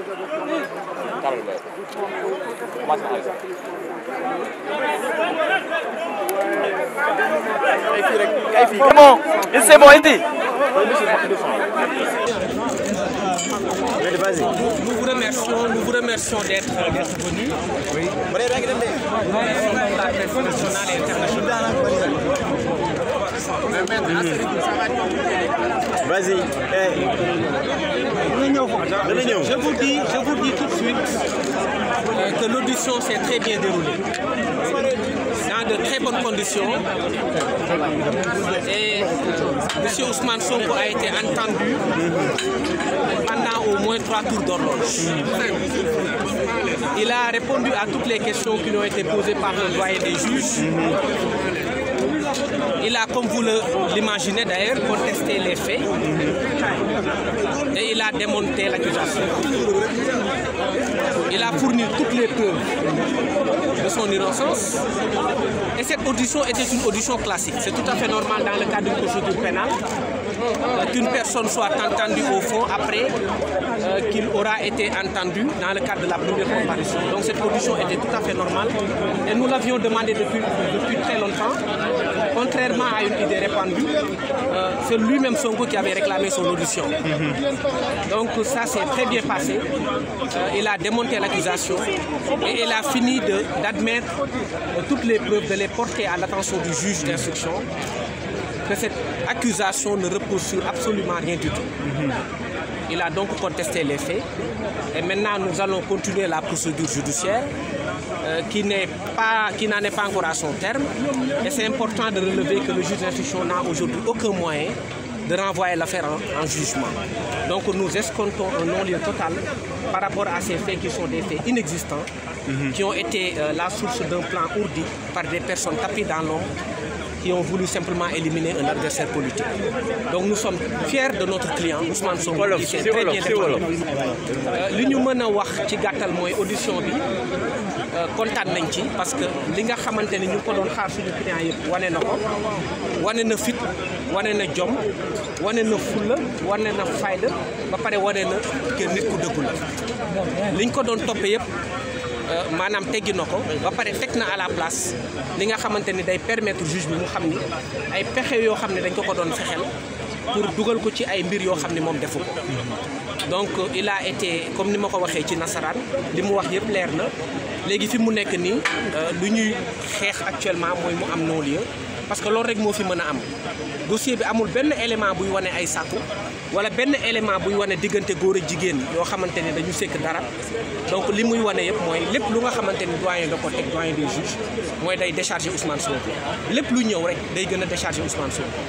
Carol Mbaye commencé na Alisa kay fii rek kay fii bon c'est bon indi Nous vous remercions, nous vous remercions d'être venus. Oui. Nous remercions la presse nationale et internationale. Le maître, Vas-y. Hey. Eh. Je vous dis, je vous dis tout de suite euh, que l'audition s'est très bien déroulée. Dans de très bonnes conditions. Et euh, Monsieur Ousmane Sonko a été entendu pendant au moins trois tours d'horloge. Il a répondu à toutes les questions qui lui ont été posées par le doyen des juges. Il a, comme vous l'imaginez d'ailleurs, contesté les faits et il a démonté l'accusation. Il a fourni toutes les preuves de son innocence et cette audition était une audition classique. C'est tout à fait normal dans le cadre d'une procédure pénale Euh, qu'une personne soit entendue au fond après euh, qu'il aura été entendu dans le cadre de la première comparution. Donc cette audition était tout à fait normale et nous l'avions demandé depuis, depuis très longtemps, contrairement à une idée répandue, euh, c'est lui-même Sonko qui avait réclamé son audition. Mm -hmm. Donc ça s'est très bien passé. Euh, il a démonté l'accusation et il a fini d'admettre toutes les preuves, de les porter à l'attention du juge d'instruction que cette accusation ne repose sur absolument rien du tout. Mm-hmm. Il a donc contesté les faits. Et maintenant, nous allons continuer la procédure judiciaire euh, qui n'est pas, qui n'en est pas encore à son terme. Et c'est important de relever que le juge d'instruction n'a aucun moyen de renvoyer l'affaire en, en, jugement. Donc nous escomptons un non-lieu total par rapport à ces faits qui sont des inexistants, mm-hmm. qui ont été euh, la source d'un plan ourdi par des personnes tapées dans l'ombre yow ont voulu simplement éliminer un adversaire politique. Donc nous sommes fiers de notre client Ousmane Sonko qui s'est très bien défendu. Euh, li ñu mën a wax ci gàttal mooy audition bi euh, kontaan nañ ci parce que li nga xamante ni ñu ngi ko doon xaar suñu client yëpp wane na ko wane na fit wane na jom wane na fulla wane na fayda ba pare wane na que nit ku dëggu la liñ ko doon toppee yëpp. Euh, maanaam teggi na ko ba pare fekk na à la place li nga xamante ni day permettre juge bi mu xam ni ay pexe yoo xam ne dañ ko ko doon fexeel pour dugal ko ci ay mbir yoo xam ne moom defu donc euh, il été comme ni ma ko waxee ci nasaraan li mu wax yëpp leer na léegi fi mu nekk nii euh, lu ñuy xeex actuellement mooy mu am non-lieu parce que loolu rek moo fi mën a am dossier bi amul benn élément buy wane ay sàkku wala benn élément buy wane diggante góor a jigéen yoo xamante ne dañu sekk dara donc li muy wane yëpp mooy lépp lu nga xamante ni doyen da ko teg doyen des juges mooy day décharger Ousmane Sonko lépp lu ñëw rek day gën a décharger Ousmane Sonko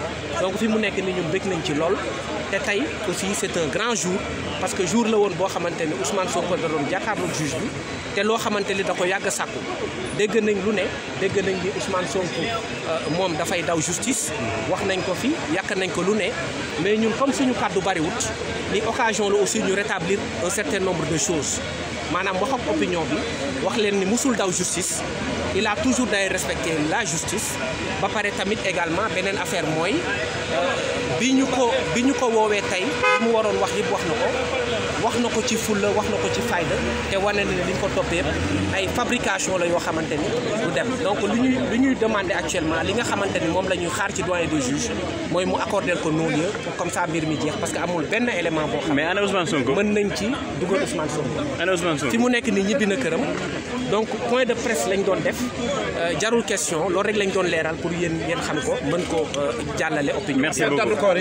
donc fi mu nekk ni ñun bëgg nañ ci lool te tey aussi c'est un grand jour parce que jour la woon boo xamante ne Ousmane Sonko da doon jàkkaarloog juge bi te loo xamante ni da ko yàgg a sàkku nañ lu ne dégg nañ ni Ousmane Sonko euh, moom moom dafay daw justice wax nañ ko fi yàq nañ ko lu ne mais ñun comme suñu kàddu bariwut ni occasion la aussi ñu rétablir un certain nombre de choses maanaam wax ak opinion bi wax leen ni musul daw justice il a toujours day respecté la justice ba pare tamit également beneen affaire mooy euh, bi ñu ko bi ñu ko woowee tey mu waroon wax yëpp wax na ko wax na ko ci fulla wax na ko ci fayda te wane na li ko toppee ay fabrication la yoo xamante ni du dem donc lu ñuy lu ñuy demander actuellement li nga xamante ni moom la ñuy xaar ci doyen des juges mooy mu accordé ko non-lieu comme ça mbir mi jeex parce que amul benn élément boo xam. mais ana Ousmane Sonko mën nañ ci dugal Ousmane Sonko. ana Ousmane Sonko fi mu nekk nii ñibbi na këram. donc point de presse lañ doon def euh, jarul question loolu rek lañ doon leeral pour yéen yéen xam ko mën ko euh, jàllale opinion. merci beaucoup